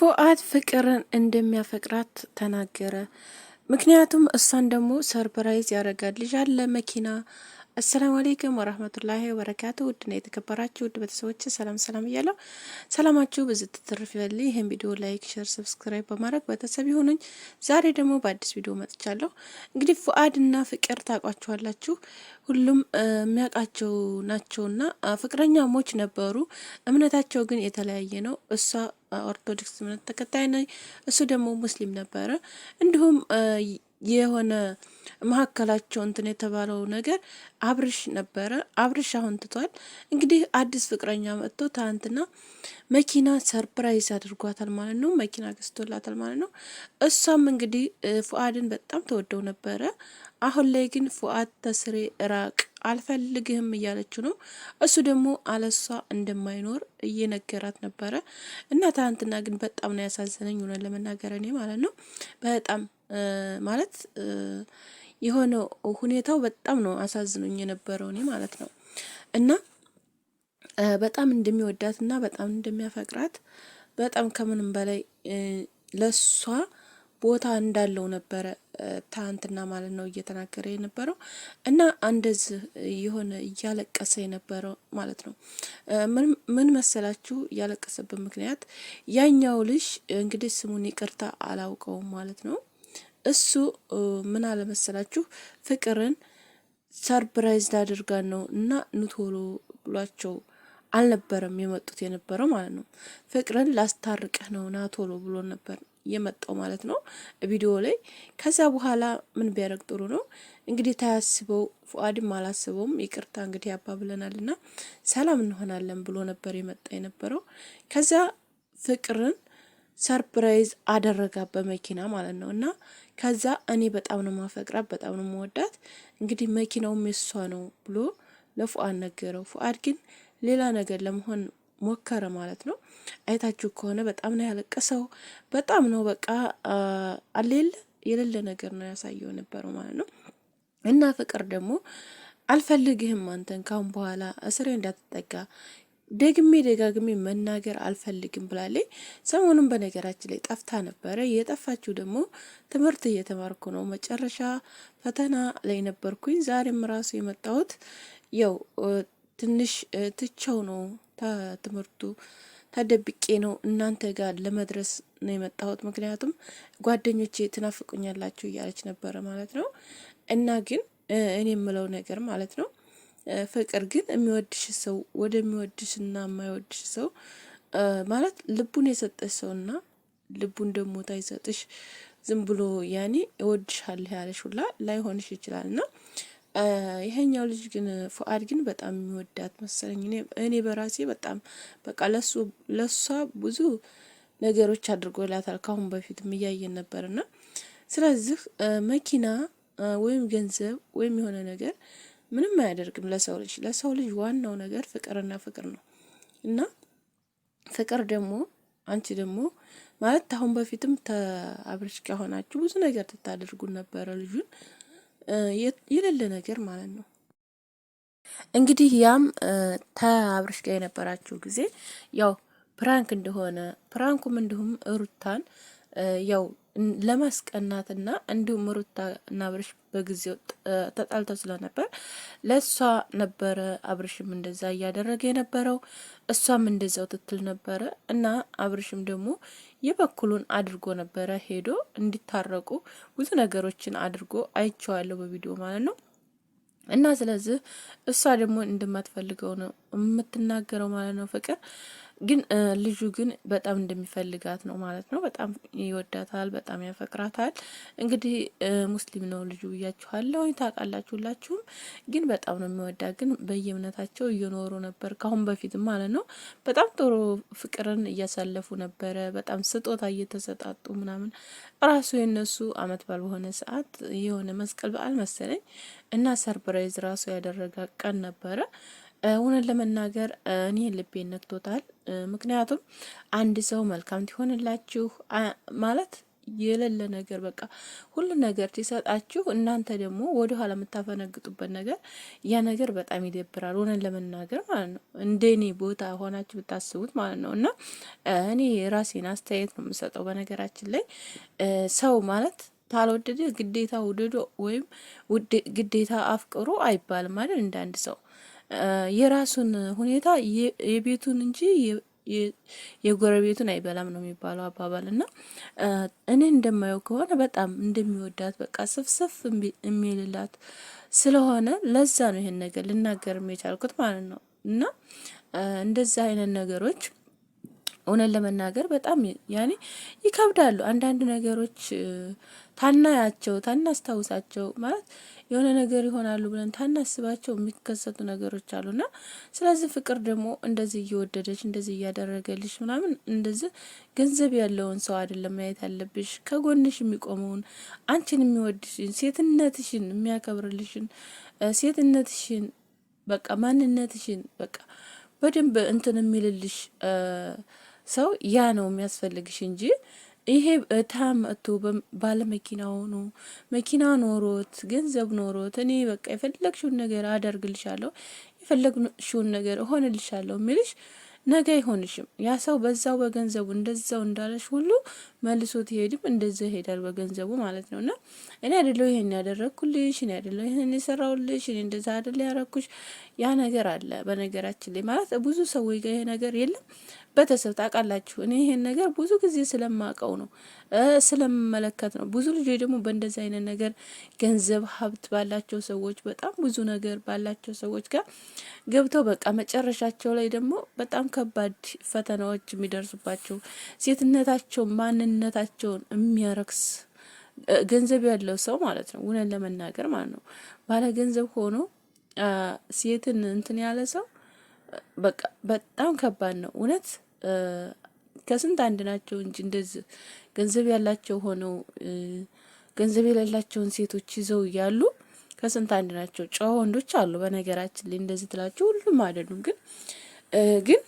ፉአድ ፍቅርን እንደሚያፈቅራት ተናገረ። ምክንያቱም እሷን ደግሞ ሰርፕራይዝ ያደርጋል። ልጅ አለ መኪና አሰላሙ አሌይኩም ወረህመቱላሂ ወበረካቱ። ውድና የተከበራችሁ ውድ ቤተሰቦች ሰላም ሰላም እያለሁ ሰላማችሁ ብዙ ትትርፍ ይበል። ይህን ቪዲዮ ላይክ፣ ሸር፣ ሰብስክራይብ በማድረግ ቤተሰብ ይሁኑኝ። ዛሬ ደግሞ በአዲስ ቪዲዮ መጥቻለሁ። እንግዲህ ፉአድና ፍቅር ታውቋችኋላችሁ፣ ሁሉም የሚያውቃቸው ናቸውና ፍቅረኛሞች ነበሩ። እምነታቸው ግን የተለያየ ነው። እሷ ኦርቶዶክስ እምነት ተከታይ ነ እሱ ደግሞ ሙስሊም ነበረ። እንዲሁም የሆነ መካከላቸው እንትን የተባለው ነገር አብርሽ ነበረ። አብርሽ አሁን ትቷል። እንግዲህ አዲስ ፍቅረኛ መጥቶ ትናንትና መኪና ሰርፕራይዝ አድርጓታል ማለት ነው። መኪና ገዝቶላታል ማለት ነው። እሷም እንግዲህ ፉአድን በጣም ተወደው ነበረ። አሁን ላይ ግን ፉአድ ተስሬ ራቅ አልፈልግህም እያለችው ነው። እሱ ደግሞ አለሷ እንደማይኖር እየነገራት ነበረ እና ትናንትና ግን በጣም ነው ያሳዘነኝ ሆነ ለመናገር እኔ ማለት ነው በጣም ማለት የሆነ ሁኔታው በጣም ነው አሳዝኖኝ የነበረው እኔ ማለት ነው። እና በጣም እንደሚወዳት እና በጣም እንደሚያፈቅራት በጣም ከምንም በላይ ለሷ ቦታ እንዳለው ነበረ ትናንትና ማለት ነው እየተናገረ የነበረው እና እንደዚህ የሆነ እያለቀሰ የነበረው ማለት ነው። ምን መሰላችሁ ያለቀሰበት ምክንያት ያኛው ልጅ እንግዲህ ስሙን ይቅርታ አላውቀውም ማለት ነው እሱ ምን አለመሰላችሁ ፍቅርን ሰርፕራይዝ ላድርጋ ነው እና ኑቶሎ ብሏቸው አልነበረም የመጡት የነበረው ማለት ነው። ፍቅርን ላስታርቅህ ነው ና ቶሎ ብሎ ነበር የመጣው ማለት ነው ቪዲዮ ላይ። ከዛ በኋላ ምን ቢያደርግ ጥሩ ነው እንግዲህ ታያስበው ፉአድም አላስበውም ይቅርታ እንግዲህ ብለናል ና ሰላም እንሆናለን ብሎ ነበር የመጣ የነበረው ከዛ ፍቅርን ሰርፕራይዝ አደረጋ በመኪና ማለት ነው። እና ከዛ እኔ በጣም ነው ማፈቅራት፣ በጣም ነው መወዳት። እንግዲህ መኪናውም የሷ ነው ብሎ ለፉአድ ነገረው። ፉአድ ግን ሌላ ነገር ለመሆን ሞከረ ማለት ነው። አይታችሁ ከሆነ በጣም ነው ያለቀሰው። በጣም ነው በቃ አሌለ የሌለ ነገር ነው ያሳየው ነበረው ማለት ነው። እና ፍቅር ደግሞ አልፈልግህም አንተን ካሁን በኋላ እስሬ እንዳትጠጋ ደግሜ ደጋግሜ መናገር አልፈልግም ብላለች። ሰሞኑን በነገራችን ላይ ጠፍታ ነበረ። የጠፋችው ደግሞ ትምህርት እየተማርኩ ነው፣ መጨረሻ ፈተና ላይ ነበርኩኝ። ዛሬም ራሱ የመጣሁት ያው ትንሽ ትቸው ነው ትምህርቱ ተደብቄ ነው እናንተ ጋር ለመድረስ ነው የመጣሁት። ምክንያቱም ጓደኞቼ ትናፍቁኛላችሁ እያለች ነበረ ማለት ነው። እና ግን እኔ የምለው ነገር ማለት ነው ፍቅር ግን የሚወድሽ ሰው ወደሚወድሽና የማይወድሽ ሰው ማለት ልቡን የሰጠሽ ሰውና ልቡን ደግሞ ታይሰጥሽ ዝም ብሎ ያኔ እወድሻለሁ ያለሽ ሁላ ላይሆንሽ ይችላል እና ይሄኛው ልጅ ግን ፉአድ ግን በጣም የሚወዳት መሰለኝ። እኔ በራሴ በጣም በቃ ለሱ ለሷ ብዙ ነገሮች አድርጎላታል ካሁን በፊት እያየን ነበርና ስለዚህ መኪና ወይም ገንዘብ ወይም የሆነ ነገር ምንም አያደርግም ለሰው ልጅ። ለሰው ልጅ ዋናው ነገር ፍቅርና ፍቅር ነው እና ፍቅር ደግሞ አንቺ ደግሞ ማለት አሁን በፊትም ተአብርሽ ከሆናችሁ ብዙ ነገር ትታደርጉን ነበረ ልጁን የሌለ ነገር ማለት ነው። እንግዲህ ያም ተአብርሽ ጋር የነበራችሁ ጊዜ ያው ፕራንክ እንደሆነ ፕራንኩም እንዲሁም ሩታን ያው ለማስቀናትና እንዲሁም ሩታ እና አብርሽ በጊዜው ተጣልተው ስለነበር ለእሷ ነበረ አብርሽም እንደዛ እያደረገ የነበረው እሷም እንደዛው ትትል ነበረ እና አብርሽም ደግሞ የበኩሉን አድርጎ ነበረ ሄዶ እንዲታረቁ ብዙ ነገሮችን አድርጎ አይቼዋለሁ በቪዲዮ ማለት ነው። እና ስለዚህ እሷ ደግሞ እንደማትፈልገው ነው የምትናገረው ማለት ነው ፍቅር ግን ልጁ ግን በጣም እንደሚፈልጋት ነው ማለት ነው። በጣም ይወዳታል፣ በጣም ያፈቅራታል። እንግዲህ ሙስሊም ነው ልጁ ብያችኋለሁ፣ ታውቃላችሁ ሁላችሁም። ግን በጣም ነው የሚወዳት። ግን በየእምነታቸው እየኖሩ ነበር ካሁን በፊት ማለት ነው። በጣም ጥሩ ፍቅርን እያሳለፉ ነበረ። በጣም ስጦታ እየተሰጣጡ ምናምን ራሱ የነሱ አመት በዓል በሆነ ሰዓት የሆነ መስቀል በዓል መሰለኝ እና ሰርፕራይዝ ራሱ ያደረጋ ቀን ነበረ። እውነት ለመናገር እኔ ልቤ ነክቶታል። ምክንያቱም አንድ ሰው መልካም ትሆንላችሁ ማለት የሌለ ነገር በቃ ሁሉ ነገር ትሰጣችሁ፣ እናንተ ደግሞ ወደ ኋላ የምታፈነግጡበት ነገር ያ ነገር በጣም ይደብራል። ሆነን ለመናገር ማለት ነው እንደ እኔ ቦታ ሆናችሁ ብታስቡት ማለት ነው። እና እኔ የራሴን አስተያየት ነው የምሰጠው። በነገራችን ላይ ሰው ማለት ካልወደደ ግዴታ ውድዶ ወይም ግዴታ አፍቅሮ አይባልም አይደል እንደ አንድ ሰው የራሱን ሁኔታ የቤቱን እንጂ የጎረቤቱን አይበላም ነው የሚባለው አባባል እና እኔ እንደማየው ከሆነ በጣም እንደሚወዳት በቃ ስፍስፍ የሚልላት ስለሆነ ለዛ ነው ይሄን ነገር ልናገር የቻልኩት ማለት ነው። እና እንደዛ አይነት ነገሮች እውነት ለመናገር በጣም ያኔ ይከብዳሉ። አንዳንድ ነገሮች ታናያቸው ታናስታውሳቸው ማለት የሆነ ነገር ይሆናሉ ብለን ታናስባቸው የሚከሰቱ ነገሮች አሉና ስለዚህ ፍቅር ደግሞ እንደዚህ እየወደደች እንደዚህ እያደረገልሽ ምናምን እንደዚህ ገንዘብ ያለውን ሰው አይደለም ማየት ያለብሽ፣ ከጎንሽ የሚቆመውን አንቺን የሚወድሽን ሴትነትሽን የሚያከብርልሽን ሴትነትሽን በቃ ማንነትሽን በቃ በደንብ እንትን የሚልልሽ ሰው ያ ነው የሚያስፈልግሽ እንጂ ይሄ ታመቱብም ባለ መኪናው ነው። መኪና ኖሮት ገንዘብ ኖሮት እኔ በቃ የፈለግሽውን ነገር አደርግልሻለሁ፣ የፈለግሽውን ነገር እሆንልሻለሁ የሚልሽ ነገ አይሆንሽም። ያ ሰው በዛው በገንዘቡ እንደዛው እንዳለሽ ሁሉ መልሶ ትሄድም እንደዛ ይሄዳል በገንዘቡ ማለት ነው። እና እኔ አይደለሁ ይሄን ያደረግኩልሽ፣ እኔ አይደለሁ ይሄን የሰራውልሽ፣ እኔ እንደዛ አይደለ ያረኩሽ። ያ ነገር አለ በነገራችን ላይ ማለት ብዙ ሰዎች ጋር ይሄ ነገር የለም በተሰብ ታውቃላችሁ፣ እኔ ይሄን ነገር ብዙ ጊዜ ስለማውቀው ነው ስለምመለከት ነው። ብዙ ልጆች ደግሞ በእንደዚህ አይነት ነገር ገንዘብ ሀብት ባላቸው ሰዎች በጣም ብዙ ነገር ባላቸው ሰዎች ጋር ገብተው በቃ መጨረሻቸው ላይ ደግሞ በጣም ከባድ ፈተናዎች የሚደርሱባቸው ሴትነታቸው ማንነታቸውን የሚያረክስ ገንዘብ ያለው ሰው ማለት ነው። እውነት ለመናገር ማለት ነው ባለ ገንዘብ ሆኖ ሴትን እንትን ያለ ሰው በቃ በጣም ከባድ ነው እውነት። ከስንት አንድ ናቸው እንጂ እንደዚህ ገንዘብ ያላቸው ሆነው ገንዘብ የሌላቸውን ሴቶች ይዘው እያሉ ከስንት አንድ ናቸው። ጨዋ ወንዶች አሉ በነገራችን ላይ እንደዚህ ትላቸው፣ ሁሉም አይደሉም። ግን ግን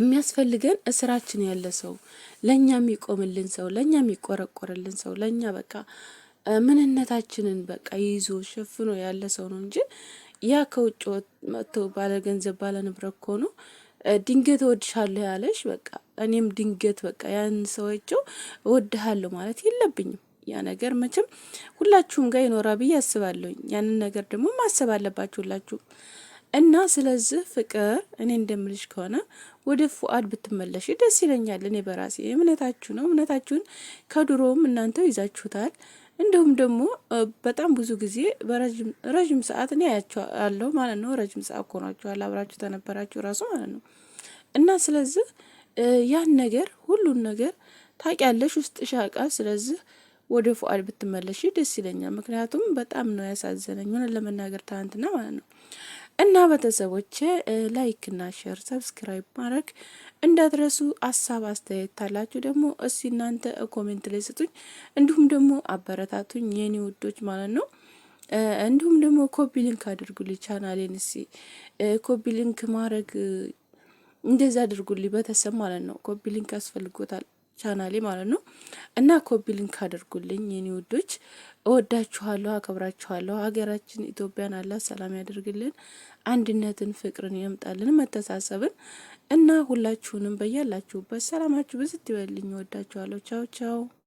የሚያስፈልገን እስራችን ያለ ሰው፣ ለእኛ የሚቆምልን ሰው፣ ለእኛ የሚቆረቆርልን ሰው፣ ለእኛ በቃ ምንነታችንን በቃ ይዞ ሸፍኖ ያለ ሰው ነው እንጂ ያ ከውጭ መጥቶ ባለ ገንዘብ ባለ ንብረት ከሆኑ ድንገት እወድሻለሁ ያለሽ በቃ እኔም ድንገት በቃ ያን ሰዎቸው እወድሃለሁ ማለት የለብኝም። ያ ነገር መቼም ሁላችሁም ጋር ይኖራ ብዬ አስባለሁኝ። ያንን ነገር ደግሞ ማሰብ አለባችሁ ሁላችሁም እና ስለዚህ ፍቅር እኔ እንደምልሽ ከሆነ ወደ ፉአድ ብትመለሽ ደስ ይለኛል። እኔ በራሴ እምነታችሁ ነው። እምነታችሁን ከድሮም እናንተው ይዛችሁታል። እንዲሁም ደግሞ በጣም ብዙ ጊዜ በረዥም ሰዓት እኔ አያቸዋለሁ ማለት ነው። ረዥም ሰዓት ኮኗቸዋል አብራችሁ ተነበራችሁ ራሱ ማለት ነው። እና ስለዚህ ያን ነገር ሁሉን ነገር ታውቂያለሽ ውስጥ ሻቃ ስለዚህ ወደ ፉአድ ብትመለሽ ደስ ይለኛል። ምክንያቱም በጣም ነው ያሳዘነኝ ሆነ ለመናገር ትናንትና ማለት ነው። እና ቤተሰቦቼ ላይክና ሼር ሰብስክራይብ ማድረግ እንዳትረሱ። አሳብ አስተያየት ታላችሁ ደግሞ እስኪ እናንተ ኮሜንት ላይ ስጡኝ፣ እንዲሁም ደግሞ አበረታቱኝ የኔ ውዶች ማለት ነው። እንዲሁም ደግሞ ኮፒ ሊንክ አድርጉልኝ ቻናሌን፣ እስኪ ኮፒ ሊንክ ማድረግ እንደዚ አድርጉልኝ በተሰብ ማለት ነው። ኮፒ ሊንክ ያስፈልጎታል ቻናሌ ማለት ነው። እና ኮፒ ሊንክ አድርጉልኝ የኔ ውዶች፣ እወዳችኋለሁ፣ አከብራችኋለሁ። ሀገራችን ኢትዮጵያን አላ ሰላም ያደርግልን፣ አንድነትን፣ ፍቅርን ያምጣልን፣ መተሳሰብን እና ሁላችሁንም በያላችሁበት ሰላማችሁ ብዝት ይበልኝ። ወዳችኋለሁ። ቻው ቻው